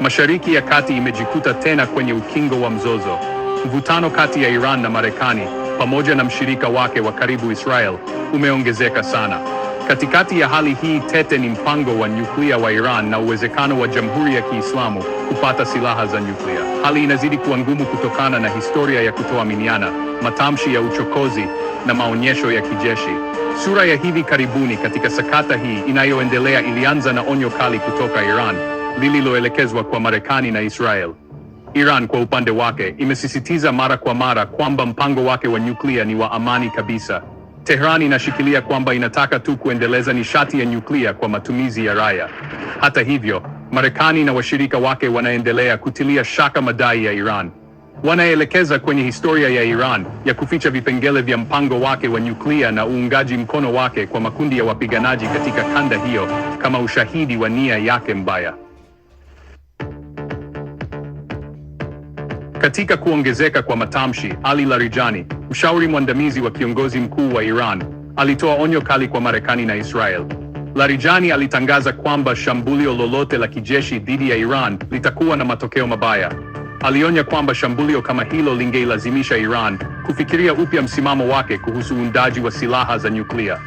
Mashariki ya Kati imejikuta tena kwenye ukingo wa mzozo. Mvutano kati ya Iran na Marekani pamoja na mshirika wake wa karibu Israel umeongezeka sana. Katikati ya hali hii tete ni mpango wa nyuklia wa Iran na uwezekano wa Jamhuri ya Kiislamu kupata silaha za nyuklia. Hali inazidi kuwa ngumu kutokana na historia ya kutoaminiana, matamshi ya uchokozi na maonyesho ya kijeshi. Sura ya hivi karibuni katika sakata hii inayoendelea ilianza na onyo kali kutoka Iran lililoelekezwa kwa Marekani na Israel. Iran kwa upande wake imesisitiza mara kwa mara kwamba mpango wake wa nyuklia ni wa amani kabisa. Tehran inashikilia kwamba inataka tu kuendeleza nishati ya nyuklia kwa matumizi ya raia. Hata hivyo, Marekani na washirika wake wanaendelea kutilia shaka madai ya Iran. Wanaelekeza kwenye historia ya Iran ya kuficha vipengele vya mpango wake wa nyuklia na uungaji mkono wake kwa makundi ya wapiganaji katika kanda hiyo kama ushahidi wa nia yake mbaya. Katika kuongezeka kwa matamshi, Ali Larijani, mshauri mwandamizi wa kiongozi mkuu wa Iran, alitoa onyo kali kwa Marekani na Israel. Larijani alitangaza kwamba shambulio lolote la kijeshi dhidi ya Iran litakuwa na matokeo mabaya. Alionya kwamba shambulio kama hilo lingeilazimisha Iran kufikiria upya msimamo wake kuhusu uundaji wa silaha za nyuklia.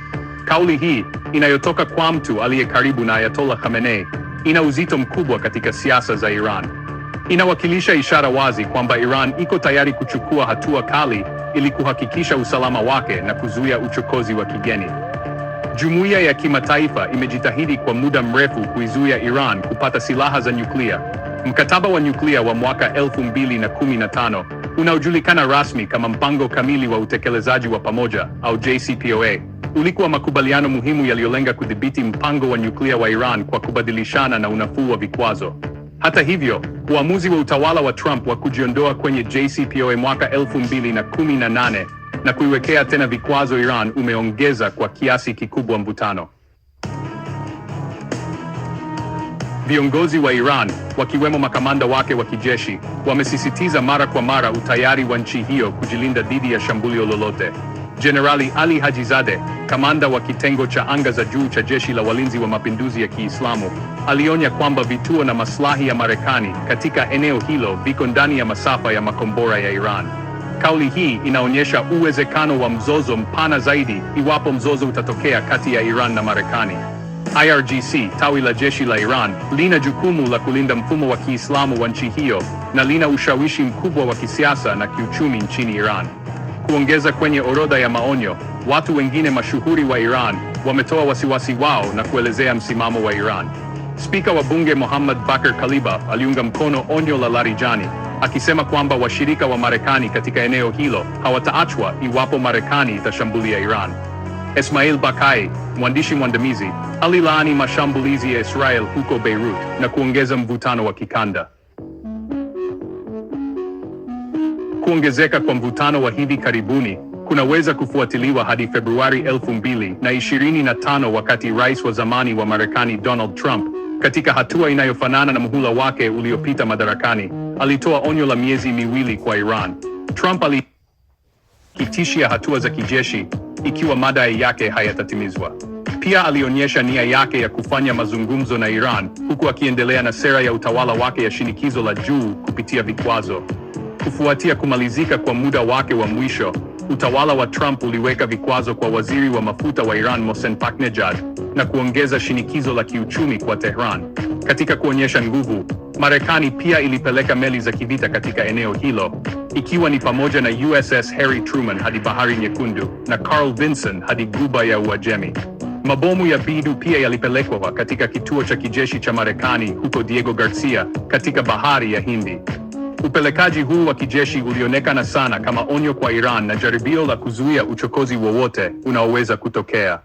Kauli hii inayotoka kwa mtu aliye karibu na Ayatollah Khamenei ina uzito mkubwa katika siasa za Iran inawakilisha ishara wazi kwamba Iran iko tayari kuchukua hatua kali ili kuhakikisha usalama wake na kuzuia uchokozi wa kigeni. Jumuiya ya kimataifa imejitahidi kwa muda mrefu kuizuia Iran kupata silaha za nyuklia. Mkataba wa nyuklia wa mwaka 2015 unaojulikana rasmi kama Mpango Kamili wa Utekelezaji wa Pamoja au JCPOA ulikuwa makubaliano muhimu yaliyolenga kudhibiti mpango wa nyuklia wa Iran kwa kubadilishana na unafuu wa vikwazo. Hata hivyo, uamuzi wa utawala wa Trump wa kujiondoa kwenye JCPOA mwaka 2018 na kuiwekea tena vikwazo Iran umeongeza kwa kiasi kikubwa mvutano. Viongozi wa Iran wakiwemo makamanda wake wa kijeshi wamesisitiza mara kwa mara utayari wa nchi hiyo kujilinda dhidi ya shambulio lolote. Jenerali Ali Hajizade, kamanda wa kitengo cha anga za juu cha jeshi la walinzi wa mapinduzi ya Kiislamu, alionya kwamba vituo na maslahi ya Marekani katika eneo hilo viko ndani ya masafa ya makombora ya Iran. Kauli hii inaonyesha uwezekano wa mzozo mpana zaidi iwapo mzozo utatokea kati ya Iran na Marekani. IRGC, tawi la jeshi la Iran, lina jukumu la kulinda mfumo wa Kiislamu wa nchi hiyo na lina ushawishi mkubwa wa kisiasa na kiuchumi nchini Iran kuongeza kwenye orodha ya maonyo. Watu wengine mashuhuri wa Iran wametoa wasiwasi wao na kuelezea msimamo wa Iran. Spika wa bunge Mohammad Bakar Kaliba aliunga mkono onyo la Larijani akisema kwamba washirika wa Marekani katika eneo hilo hawataachwa iwapo Marekani itashambulia Iran. Ismail Bakai, mwandishi mwandamizi, alilaani mashambulizi ya Israel huko Beirut na kuongeza mvutano wa kikanda. kuongezeka kwa mvutano wa hivi karibuni kunaweza kufuatiliwa hadi Februari 2025 wakati rais wa zamani wa Marekani Donald Trump, katika hatua inayofanana na muhula wake uliopita madarakani, alitoa onyo la miezi miwili kwa Iran. Trump alitishia hatua za kijeshi ikiwa madai yake hayatatimizwa. Pia alionyesha nia yake ya kufanya mazungumzo na Iran, huku akiendelea na sera ya utawala wake ya shinikizo la juu kupitia vikwazo. Kufuatia kumalizika kwa muda wake wa mwisho, utawala wa Trump uliweka vikwazo kwa waziri wa mafuta wa Iran Mohsen Paknejad na kuongeza shinikizo la kiuchumi kwa Tehran. Katika kuonyesha nguvu, Marekani pia ilipeleka meli za kivita katika eneo hilo, ikiwa ni pamoja na USS Harry Truman hadi Bahari Nyekundu na Carl Vinson hadi guba ya Uajemi. Mabomu ya bidu pia yalipelekwa katika kituo cha kijeshi cha Marekani huko Diego Garcia katika Bahari ya Hindi. Upelekaji huu wa kijeshi ulionekana sana kama onyo kwa Iran na jaribio la kuzuia uchokozi wowote unaoweza kutokea.